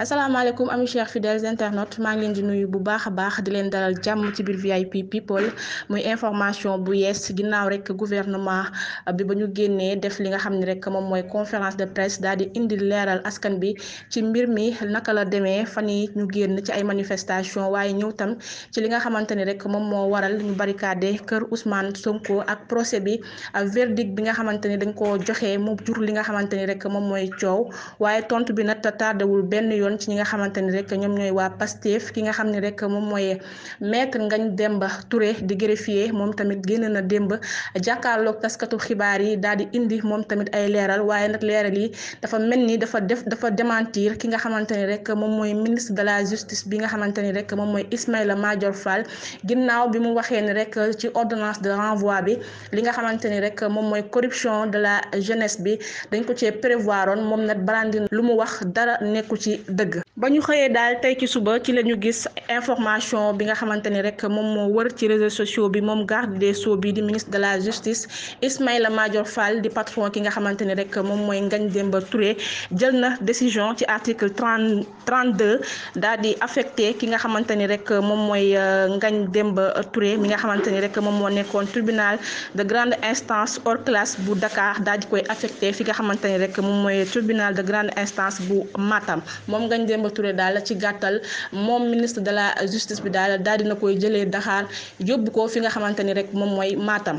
asalaamaaleykum ami cher fidèles internautes maa ngi leen di nuyu bu baax a baax di leen dalal jàmm ci biir VIP people muy information bu yees ginnaaw rek gouvernement bi ba ñu génnee def li nga xam ne rek moom mooy conférence de presse daal di indi leeral askan bi ci mbir mi naka la demee fan yi ñu génn ci ay manifestation waaye ñëw tam ci li nga xamante ni rek moom moo waral ñu barricade kër Ousmane Sonko ak procès bi ak verdict bi nga xamante ni dañ koo joxe mu jur li nga xamante ni rek moom mooy coow waaye tontu bi nag tardewul benn yoon. doon ci ñi nga xamante ni rek ñoom ñooy waa Pastef ki nga xam ne rek moom mooy maître Ngagne Demba Touré di greffier moom tamit génn na démb jàkkaarloog taskatu xibaar yi daal indi moom tamit ay leeral waaye nag leeral yi dafa mel ni dafa def dafa démentir ki nga xamante rek moom mooy ministre de la justice bi nga xamante ni rek moom mooy Ismaïla Madior Fall ginnaaw bi mu waxee ni rek ci ordonnance de renvoi bi li nga xamante ni rek moom mooy corruption de la jeunesse bi dañ ko cee prévoiroon moom dëgg ba ñu xëyee daal tey ci suba ci la gis information bi nga xamante ni rek moom moo wër ci réseaux sociaux bi moom garde des sceaux bi di ministre de la justice Ismaïla major Fall di patron ki nga xamante ni rek moom mooy Ngagne Demba Touré décision ci article 30 32 daal di affecté ki nga xamante ni rek moom mooy euh, Ngagne Demba Touré mi nga xamante ni rek moom moo nekkoon tribunal de grande instance hors classe bu Dakar daal di koy affecté fi nga xamante ni rek moom tribunal de grande instance bu Matam moom Ngagne Demba Touré daal ci gàttal moom ministre de la justice bi daal daal dina koy jëlee daxaar yóbbu ko fi nga xamante ni rek moom mooy Matam